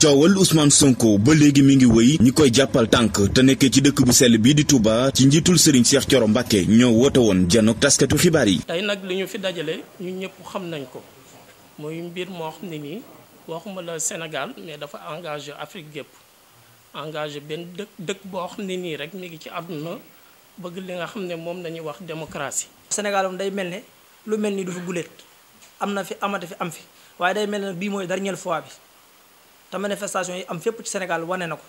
coowal Ousmane Sonko ba léegi mi ngi woy ñi koy jàppal tànk te nekkee ci dëkk bu sell bii di Touba ci njiitul Serigne Cheikh Thioro Mbacké ñoo woote woon janook taskatu xibaar yi. tey nag li ñu fi dajale ñun ñëpp xam nañ ko mooy mbir moo xam ne nii waxuma la Sénégal mais dafa engagé Afrique gépp engagé benn dëkk dëkk boo xam nii rek mi ngi ci àdduna bëgg li nga xam ne moom la ñuy wax démocratie. Sénégal moom day mel ne lu mel ni du fi guléet am na fi amata fi am fi waaye day mel ne bii mooy dernière fois bi. te manifestation yi am fépp ci Sénégal wane na ko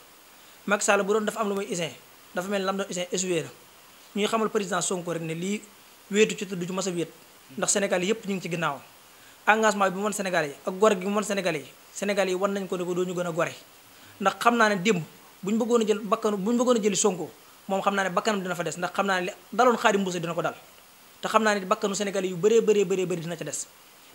Macky Sall bu doon dafa am lu muy isin dafa mel ni lam doon isin essuyer ñuy xamul président Sonko rek ne lii wéetu ci tudd ju mas a wéet ndax Sénégal yëpp ñu ngi ci ginnaaw engagement bi mu mën Sénégal yi ak gor gi mu mën senegal yi Sénégal yi wan nañ ko ne ko doo ñu gën a gore ndax xam naa ne démb bu ñu bëggoon a jël bakkanu bu ñu bëggoon a jëli Sonko moom xam naa ne bakkanam dina fa des ndax xam naa ne li daloon Khadim Bousso dina ko dal xam naa ne bakkanu Sénégal yu bëree bëree bëree bëri dina ca des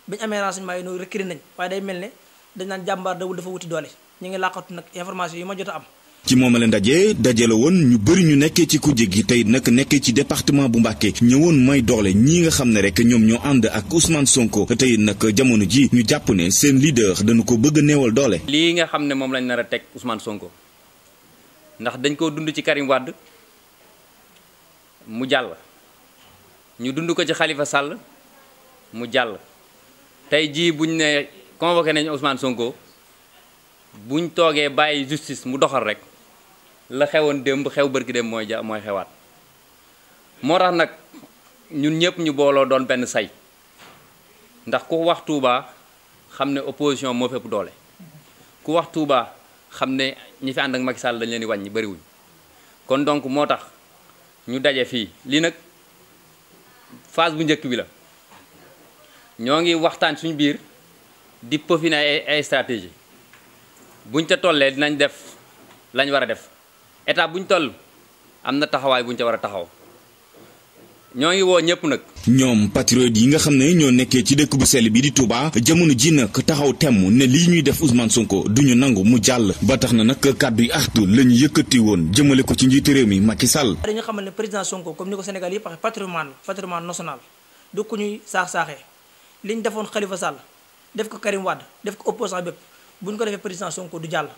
biñu amee renseignement yi noonu rekkiri nañ waaye mel ne dañ naan jàmbaar dawul dafa wuti doole ñu ngi làqatu nag information yi ma jot a am. ci moom la ndaje dajale woon ñu bëri ñu nekkee ci kujje gi tey nag nekkee ci département bu Mbàkke ñëwoon may doole ñii nga xam ne rek ñoom ñoo ànd ak Ousmane Sonko tey nag jamono ji ñu jàpp ne seen leader dañu ko bëgg a neewal doole. lii nga xam ne moom lañ na a teg Ousmane Sonko ndax dañ koo dund ci Karim Wade mu jàll ñu dund ko ci xalifa Sall mu jàll tey jii buñ ne. convoqué nañu Ousmane Sonko ñu toogee bàyyi justice mu doxal rek la xewoon démb xew bërki démb mooy ja mooy xewaat moo tax nag ñun ñëpp ñu booloo doon benn say ndax ku wax Touba xam ne opposition moo fépp doole ku wax Touba xam ne ñi fi ànd ak Macky Sall leen di wàññi bëriwuñ kon donc moo tax ñu daje fii lii nag phase bu njëkk bi la ñoo ngi waxtaan suñu biir. di peaufiner ay ay stratégie buñ ca tollee dinañ def lañu war a def état buñ toll am na taxawaay buñ ca war a taxaw ñoo ngi woo ñëpp nag. ñoom patriote yi nga xam ne ñoo nekkee ci dëkk bu sell bi di Touba jamono ji nag taxaw temm ne lii ñuy def Ousmane Sonko duñu nangu mu jàll ba tax na nag kàddu yi artu la ñu yëkkati woon jëmale ko ci njiitu réew mi Macky Sall. dañu xamal ne président Sonko comme ni ko Sénégal yëpp waxee patrimoine patrimoine national du ku def ko Karim Wade def ko opposant bépp bu ñu ko defee président Sonko du jàll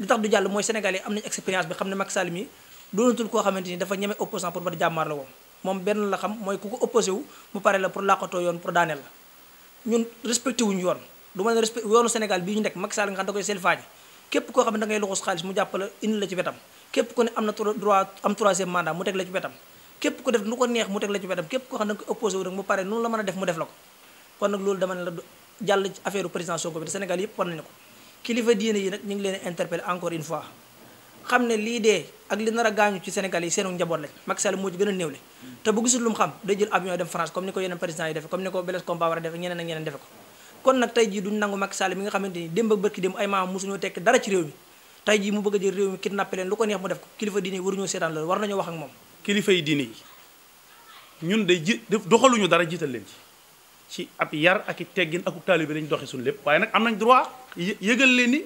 li tax du jàll mooy sénégalais am nañ expérience bi xam ne Macky Sall mi doonatul koo xamante ni dafa ñeme opposant pour ba di jàmmaar la woon moom benn la xam mooy ku ko opposé mu pare la pour làqatoo yoon pour daaneel la ñun respecté wuñu yoon du ma ne respecté yoonu Sénégal bii ñu nekk Macky Sall nga xam ne da ngay képp ku ne am na droit mu teg la ci ko xam ne da nga koy mu pare jàll ci affaire président Sonko bi Sénégal yëpp war nañu ko kilifa diine yi nag ñu ngi leen interpellé encore une fois xam ne lii dee ak li nar a gaañu ci Sénégal yi seenu njaboot lañ Macky Sall moo ci gën a néewle te bu gisul lu mu xam day jël avion dem France comme ni ko yeneen président yi defe comme ni ko Blaise Compaoré defe ñeneen ak ñeneen defe ko kon nag tey jii duñ nangu Macky Sall mi bërki démb ay maam mosuñoo tekk dara ci réew a jël réew mi kidnappé leen lu ko neex mu def ko kilifa diine yi waruñoo seetaan loolu war nañoo wax ak moom kilifa yi diine yi ñun dara jiital leen ci ci ab yar ak i teggin akub taalibe lañ doxee suñu lépp waaye nag am nañ droit yëgal leen ni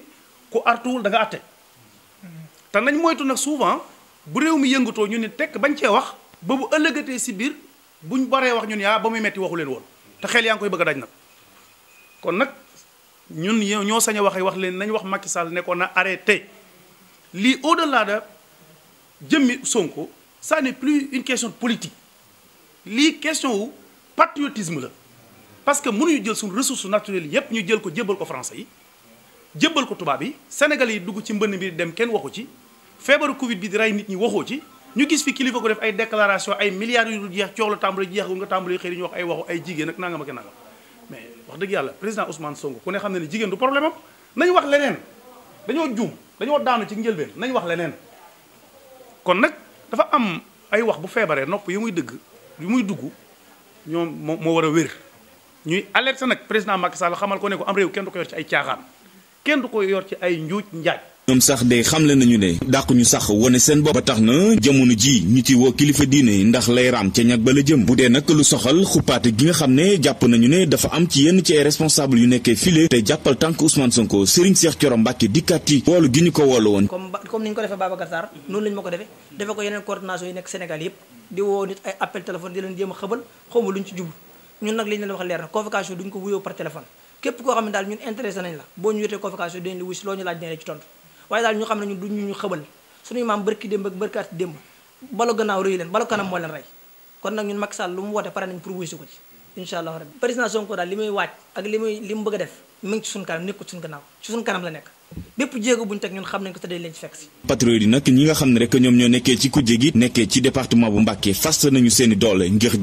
ku artuwul danga nga atte te nañ moytu nag souvent bu réew mi yëngatoo ñu ne tekk bañ cee wax ba bu ëllëgatee si biir buñ baree wax ñu ne ah ba muy metti waxu leen woon te xel yaa ngi koy bëgg a nag kon nag ñun ñoo sañ a waxee wax leen nañ wax Macky Sall ne ko na arrêté lii au delà de jëmmi Sonko ça n'est plus une question politique lii question wu patriotisme la parce que mënuñu jël suñu ressource naturelle yépp ñu jël ko jébbal ko français yi jébbal ko tubaab yi sénégalais yi dugg ci mbënn bi dem kenn waxu ci feebaru covid bi di rey nit ñi waxoo ci ñu gis fi kilifa ko def ay déclaration ay milliards yu dul jeex coow la jeex jeexagul nga tàmbali xëy ñu wax ay waxu ay jigéen ak nangam ak nangam mais wax dëgg yàlla président Ousmane Sonko ku ne xam ne ne jigéen du problème am nañu wax leneen dañoo juum dañoo daanu ci njëlbeen nañu wax leneen kon nag dafa am ay wax bu feebaree nopp yi muy dëgg yu muy dugg ñoom moo moo war a wér ñuy alerté nag président Macky saala xamal ko ne ko am réew kenn du ko yor ci ay caaxaan kenn du ko yor ci ay njuuj njaaj. ñoom sax de xamle nañu ne dàq ñu sax wane seen bopp tax na jamono ji ñu ci woo kilifa diine ndax lay raam ca ñag ba la jëm bu dee nag lu soxal xuppaate gi nga xam ne jàpp nañu ne dafa am ci yenn ci ay responsable yu nekkee file te jàppal tànk Ousmane Sonko Serigne Cheikh Thioro Mbacké dikkaat yi woolu gi ñu ko woolu woon comme comme ni ñu ko defee Babacar ko defee defe ko yeneen coordination yi nekk Sénégal yëpp di woo nit ay appel a xëbal xawma luñ ci jublu ñun nag li ñu leen wax leer na convocation duñ ko wuyoo par téléphone képp koo xam ne daal ñun intéressé nañ la boo ñu yotee convocation dañ la wusi loo ñu laaj dina ci tontu waaye daal ñu xam ne ñun duñ ñu xëbal suñuy maam bërki démb ak bërkaati lu mu woote pare nañ pour wuy si ko ci incha allahu rabbi président Sonko daal li muy waaj ak li muy li mu bëgg a def mi ngi ci suñ kanam nekkul ci suñ gannaaw ci suñ kanam la nekk bépp jéego xam nañ ko te dañ leen ci nga xam ne rek ñoom ñoo nekkee ci kujje gi nekkee ci département bu Mbacké fast nañu seeni doole ngir